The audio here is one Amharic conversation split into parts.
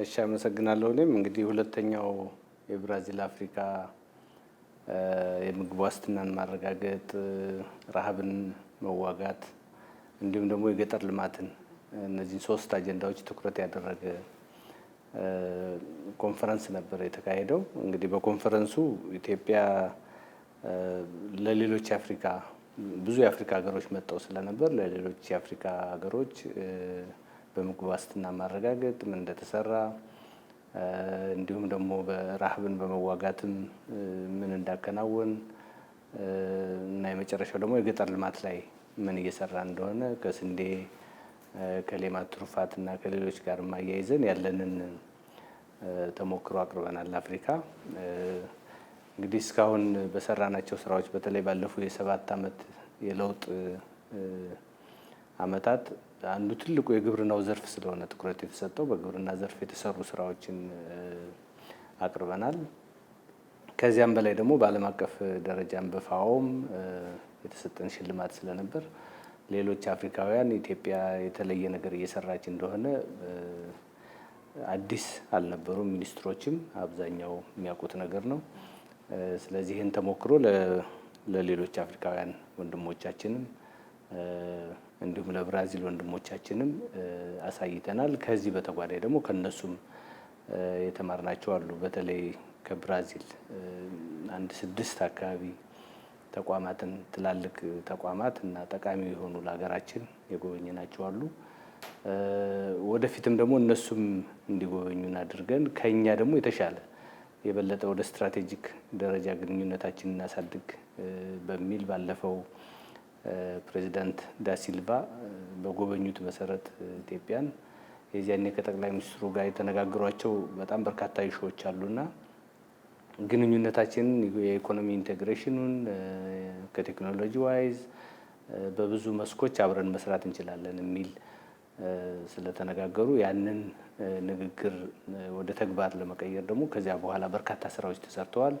እሺ አመሰግናለሁ። እኔም እንግዲህ ሁለተኛው የብራዚል አፍሪካ የምግብ ዋስትናን ማረጋገጥ፣ ረሃብን መዋጋት እንዲሁም ደግሞ የገጠር ልማትን እነዚህን ሶስት አጀንዳዎች ትኩረት ያደረገ ኮንፈረንስ ነበር የተካሄደው። እንግዲህ በኮንፈረንሱ ኢትዮጵያ ለሌሎች የአፍሪካ ብዙ የአፍሪካ ሀገሮች መጥተው ስለነበር ለሌሎች የአፍሪካ ሀገሮች በምግብ ዋስትና ማረጋገጥ ምን እንደተሰራ እንዲሁም ደግሞ በረሃብን በመዋጋትም ምን እንዳከናወን እና የመጨረሻው ደግሞ የገጠር ልማት ላይ ምን እየሰራ እንደሆነ ከስንዴ ከሌማት ትሩፋት እና ከሌሎች ጋር ማያይዘን ያለንን ተሞክሮ አቅርበናል። አፍሪካ እንግዲህ እስካሁን በሰራናቸው ስራዎች በተለይ ባለፉ የሰባት አመት የለውጥ አመታት። አንዱ ትልቁ የግብርናው ዘርፍ ስለሆነ ትኩረት የተሰጠው በግብርና ዘርፍ የተሰሩ ስራዎችን አቅርበናል። ከዚያም በላይ ደግሞ በዓለም አቀፍ ደረጃም በፋኦም የተሰጠን ሽልማት ስለነበር ሌሎች አፍሪካውያን ኢትዮጵያ የተለየ ነገር እየሰራች እንደሆነ አዲስ አልነበሩም። ሚኒስትሮችም አብዛኛው የሚያውቁት ነገር ነው። ስለዚህ ይህን ተሞክሮ ለሌሎች አፍሪካውያን ወንድሞቻችንም እንዲሁም ለብራዚል ወንድሞቻችንም አሳይተናል። ከዚህ በተጓዳይ ደግሞ ከነሱም የተማርናቸው አሉ። በተለይ ከብራዚል አንድ ስድስት አካባቢ ተቋማትን ትላልቅ ተቋማት እና ጠቃሚ የሆኑ ለሀገራችን የጎበኘናቸው አሉ። ወደፊትም ደግሞ እነሱም እንዲጎበኙን አድርገን ከኛ ደግሞ የተሻለ የበለጠ ወደ ስትራቴጂክ ደረጃ ግንኙነታችን እናሳድግ በሚል ባለፈው ፕሬዚዳንት ዳሲልቫ በጎበኙት መሰረት ኢትዮጵያን የዚያኔ ከጠቅላይ ሚኒስትሩ ጋር የተነጋገሯቸው በጣም በርካታ ኢሹዎች አሉና ግንኙነታችንን የኢኮኖሚ ኢንቴግሬሽኑን ከቴክኖሎጂ ዋይዝ በብዙ መስኮች አብረን መስራት እንችላለን የሚል ስለተነጋገሩ ያንን ንግግር ወደ ተግባር ለመቀየር ደግሞ ከዚያ በኋላ በርካታ ስራዎች ተሰርተዋል።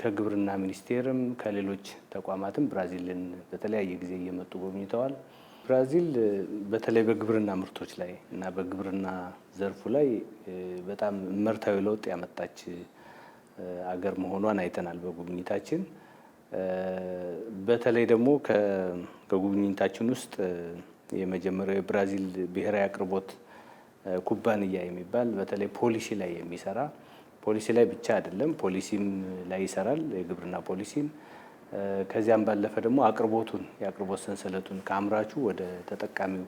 ከግብርና ሚኒስቴርም ከሌሎች ተቋማትም ብራዚልን በተለያየ ጊዜ እየመጡ ጎብኝተዋል። ብራዚል በተለይ በግብርና ምርቶች ላይ እና በግብርና ዘርፉ ላይ በጣም መርታዊ ለውጥ ያመጣች አገር መሆኗን አይተናል በጉብኝታችን። በተለይ ደግሞ ከጉብኝታችን ውስጥ የመጀመሪያው የብራዚል ብሔራዊ አቅርቦት ኩባንያ የሚባል በተለይ ፖሊሲ ላይ የሚሰራ ፖሊሲ ላይ ብቻ አይደለም፣ ፖሊሲም ላይ ይሰራል የግብርና ፖሊሲን። ከዚያም ባለፈ ደግሞ አቅርቦቱን የአቅርቦት ሰንሰለቱን ከአምራቹ ወደ ተጠቃሚው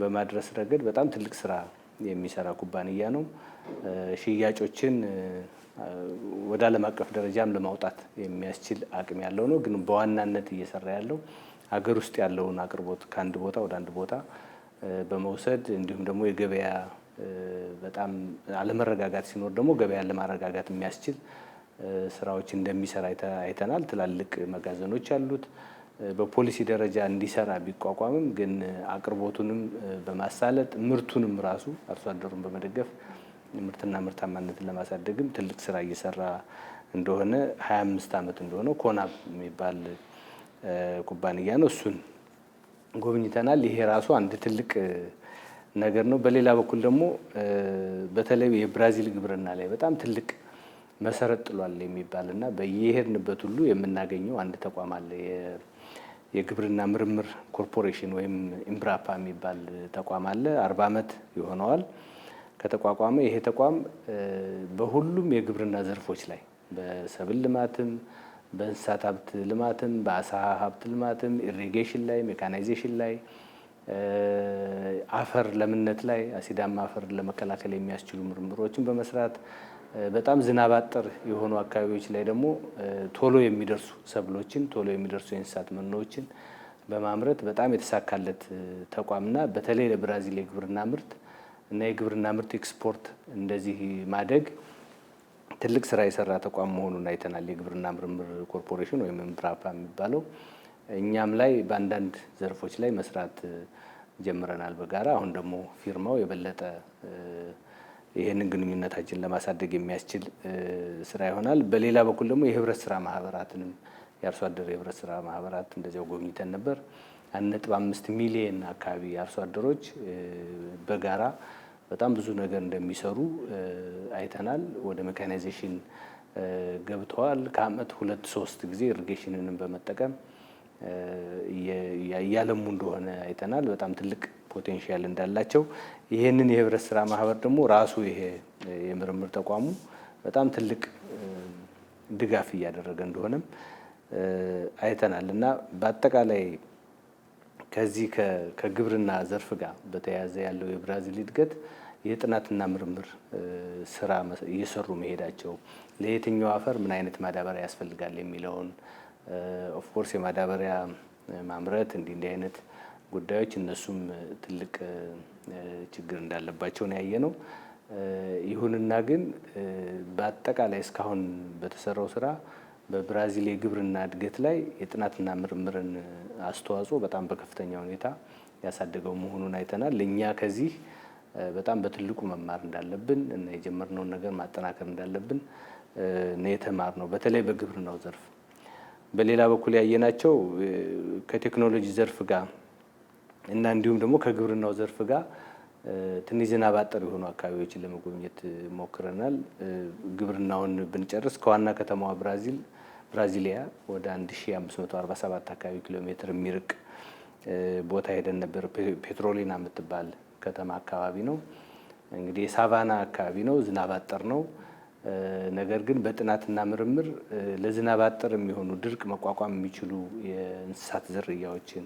በማድረስ ረገድ በጣም ትልቅ ስራ የሚሰራ ኩባንያ ነው። ሽያጮችን ወደ ዓለም አቀፍ ደረጃም ለማውጣት የሚያስችል አቅም ያለው ነው። ግን በዋናነት እየሰራ ያለው ሀገር ውስጥ ያለውን አቅርቦት ከአንድ ቦታ ወደ አንድ ቦታ በመውሰድ እንዲሁም ደግሞ የገበያ በጣም አለመረጋጋት ሲኖር ደግሞ ገበያን ለማረጋጋት የሚያስችል ስራዎች እንደሚሰራ አይተናል። ትላልቅ መጋዘኖች አሉት። በፖሊሲ ደረጃ እንዲሰራ ቢቋቋምም ግን አቅርቦቱንም በማሳለጥ ምርቱንም ራሱ አርሶ አደሩን በመደገፍ ምርትና ምርታማነትን ለማሳደግም ትልቅ ስራ እየሰራ እንደሆነ 25 ዓመት እንደሆነ ኮናብ የሚባል ኩባንያ ነው። እሱን ጎብኝተናል። ይሄ ራሱ አንድ ትልቅ ነገር ነው። በሌላ በኩል ደግሞ በተለይ የብራዚል ግብርና ላይ በጣም ትልቅ መሰረት ጥሏል የሚባል እና በየሄድንበት ሁሉ የምናገኘው አንድ ተቋም አለ። የግብርና ምርምር ኮርፖሬሽን ወይም ኢምብራፓ የሚባል ተቋም አለ። አርባ ዓመት ይሆነዋል ከተቋቋመ። ይሄ ተቋም በሁሉም የግብርና ዘርፎች ላይ በሰብል ልማትም፣ በእንስሳት ሀብት ልማትም፣ በአሳ ሀብት ልማትም፣ ኢሪጌሽን ላይ፣ ሜካናይዜሽን ላይ አፈር ለምነት ላይ አሲዳማ አፈር ለመከላከል የሚያስችሉ ምርምሮችን በመስራት በጣም ዝናብ አጠር የሆኑ አካባቢዎች ላይ ደግሞ ቶሎ የሚደርሱ ሰብሎችን ቶሎ የሚደርሱ የእንስሳት መኖዎችን በማምረት በጣም የተሳካለት ተቋምና በተለይ ለብራዚል የግብርና ምርት እና የግብርና ምርት ኤክስፖርት እንደዚህ ማደግ ትልቅ ስራ የሰራ ተቋም መሆኑን አይተናል። የግብርና ምርምር ኮርፖሬሽን ወይም ምራፓ የሚባለው እኛም ላይ በአንዳንድ ዘርፎች ላይ መስራት ጀምረናል በጋራ አሁን ደግሞ ፊርማው የበለጠ ይህንን ግንኙነታችን ለማሳደግ የሚያስችል ስራ ይሆናል። በሌላ በኩል ደግሞ የህብረት ስራ ማህበራትንም የአርሶ አደር የህብረት ስራ ማህበራት እንደዚያው ጎብኝተን ነበር። አንድ ነጥብ አምስት ሚሊየን አካባቢ የአርሶ አደሮች በጋራ በጣም ብዙ ነገር እንደሚሰሩ አይተናል። ወደ ሜካናይዜሽን ገብተዋል። ከአመት ሁለት ሶስት ጊዜ ኢሪጌሽንንም በመጠቀም እያለሙ እንደሆነ አይተናል። በጣም ትልቅ ፖቴንሻል እንዳላቸው ይህንን የህብረት ስራ ማህበር ደግሞ ራሱ ይሄ የምርምር ተቋሙ በጣም ትልቅ ድጋፍ እያደረገ እንደሆነም አይተናል እና በአጠቃላይ ከዚህ ከግብርና ዘርፍ ጋር በተያያዘ ያለው የብራዚል እድገት የጥናትና ምርምር ስራ እየሰሩ መሄዳቸው ለየትኛው አፈር ምን አይነት ማዳበሪያ ያስፈልጋል የሚለውን ኦፍኮርስ የማዳበሪያ ማምረት እንዲህ እንዲህ አይነት ጉዳዮች እነሱም ትልቅ ችግር እንዳለባቸውን ያየ ነው። ይሁንና ግን በአጠቃላይ እስካሁን በተሰራው ስራ በብራዚል የግብርና እድገት ላይ የጥናትና ምርምርን አስተዋጽኦ በጣም በከፍተኛ ሁኔታ ያሳደገው መሆኑን አይተናል። እኛ ከዚህ በጣም በትልቁ መማር እንዳለብን እና የጀመርነውን ነገር ማጠናከር እንዳለብን ነው ነው በተለይ በግብርናው ዘርፍ በሌላ በኩል ያየናቸው ከቴክኖሎጂ ዘርፍ ጋር እና እንዲሁም ደግሞ ከግብርናው ዘርፍ ጋር ትንሽ ዝናብ አጠር የሆኑ አካባቢዎችን ለመጎብኘት ሞክረናል። ግብርናውን ብንጨርስ ከዋና ከተማዋ ብራዚል ብራዚሊያ ወደ 1547 አካባቢ ኪሎ ሜትር የሚርቅ ቦታ ሄደን ነበር። ፔትሮሊና የምትባል ከተማ አካባቢ ነው። እንግዲህ የሳቫና አካባቢ ነው። ዝናብ አጠር ነው። ነገር ግን በጥናትና ምርምር ለዝናብ አጠር የሚሆኑ ድርቅ መቋቋም የሚችሉ የእንስሳት ዝርያዎችን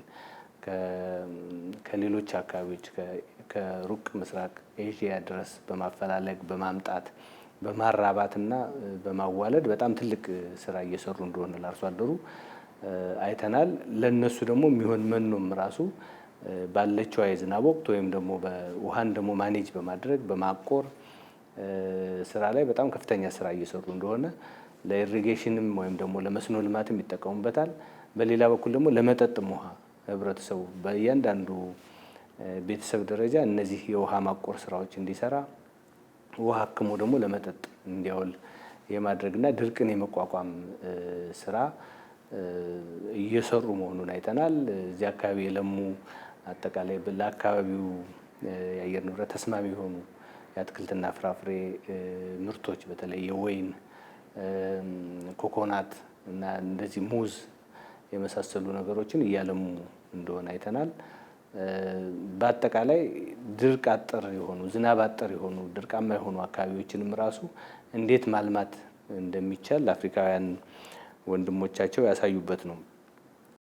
ከሌሎች አካባቢዎች ከሩቅ ምስራቅ ኤዥያ ድረስ በማፈላለግ በማምጣት በማራባትና በማዋለድ በጣም ትልቅ ስራ እየሰሩ እንደሆነ ለአርሶ አደሩ አይተናል። ለእነሱ ደግሞ የሚሆን መኖም ራሱ ባለችዋ የዝናብ ወቅት ወይም ደግሞ ውሃን ደግሞ ማኔጅ በማድረግ በማቆር ስራ ላይ በጣም ከፍተኛ ስራ እየሰሩ እንደሆነ ለኢሪጌሽንም ወይም ደግሞ ለመስኖ ልማትም ይጠቀሙበታል። በሌላ በኩል ደግሞ ለመጠጥም ውሃ ህብረተሰቡ በእያንዳንዱ ቤተሰብ ደረጃ እነዚህ የውሃ ማቆር ስራዎች እንዲሰራ ውሃ አክሞ ደግሞ ለመጠጥ እንዲያውል የማድረግና ድርቅን የመቋቋም ስራ እየሰሩ መሆኑን አይተናል። እዚህ አካባቢ የለሙ አጠቃላይ ለአካባቢው የአየር ንብረት ተስማሚ የሆኑ የአትክልትና ፍራፍሬ ምርቶች በተለይ የወይን፣ ኮኮናት እና እንደዚህ ሙዝ የመሳሰሉ ነገሮችን እያለሙ እንደሆነ አይተናል። በአጠቃላይ ድርቅ አጠር የሆኑ ዝናብ አጠር የሆኑ ድርቃማ የሆኑ አካባቢዎችንም ራሱ እንዴት ማልማት እንደሚቻል አፍሪካውያን ወንድሞቻቸው ያሳዩበት ነው።